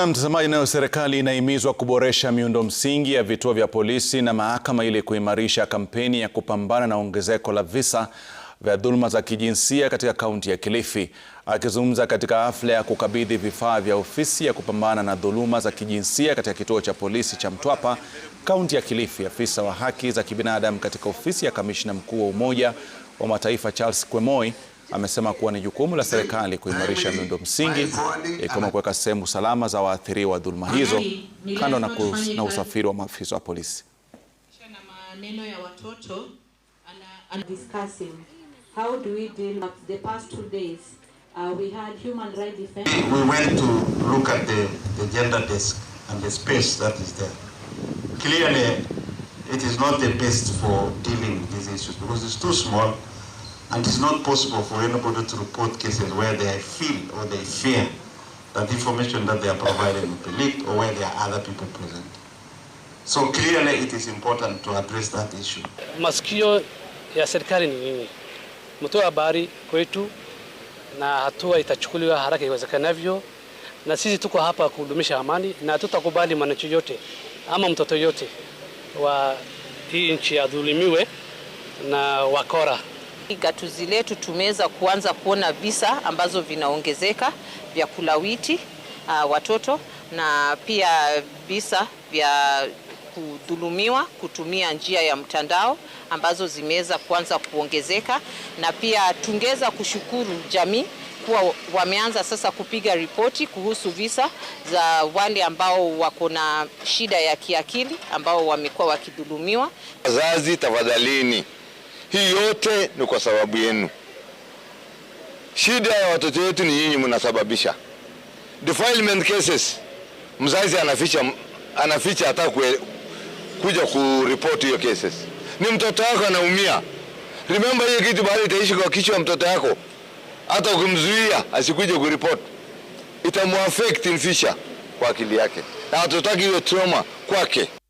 Na mtazamaji, nayo serikali inahimizwa kuboresha miundo msingi ya vituo vya polisi na mahakama ili kuimarisha kampeni ya kupambana na ongezeko la visa vya dhuluma za kijinsia katika kaunti ya Kilifi. Akizungumza katika hafla ya kukabidhi vifaa vya ofisi ya kupambana na dhuluma za kijinsia katika kituo cha polisi cha Mtwapa, kaunti ya Kilifi, afisa wa haki za kibinadamu katika ofisi ya kamishna mkuu wa Umoja wa Mataifa Charles Kwemoi amesema kuwa ni jukumu la serikali kuimarisha miundo msingi ikiwemo eh, kuweka sehemu salama za waathiriwa wa dhuluma hizo, kando na, kus, na usafiri wa maafisa wa polisi. Uh, it is not the best for dealing with these issues because it's too small. And it's not possible for anybody to report cases where they feel or they fear that information that they are providing will be leaked or where there are other people present. So clearly it is important to address that issue. Masikio ya serikali ni nini? Mtoa habari kwetu na hatua itachukuliwa haraka iwezekanavyo, na sisi tuko hapa kuhudumisha amani na tutakubali mwananchi yote ama mtoto yote wa hii nchi adhulumiwe na wakora. Gatuzi letu tumeweza kuanza kuona visa ambazo vinaongezeka vya kulawiti uh, watoto na pia visa vya kudhulumiwa kutumia njia ya mtandao ambazo zimeweza kuanza kuongezeka, na pia tungeweza kushukuru jamii kuwa wameanza sasa kupiga ripoti kuhusu visa za wale ambao wako na shida ya kiakili ambao wamekuwa wakidhulumiwa. Wazazi tafadhalini hii yote ni kwa sababu yenu. Shida ya watoto wetu ni nyinyi mnasababisha. Defilement cases, mzazi anaficha, anaficha hata kuja kuripoti hiyo cases. Ni mtoto wako anaumia. Remember, hiyo kitu bado itaishi kwa kichwa mtoto yako, hata ukimzuia asikuje kuripoti itamuaffect in future kwa akili yake, na hatutaki hiyo trauma kwake.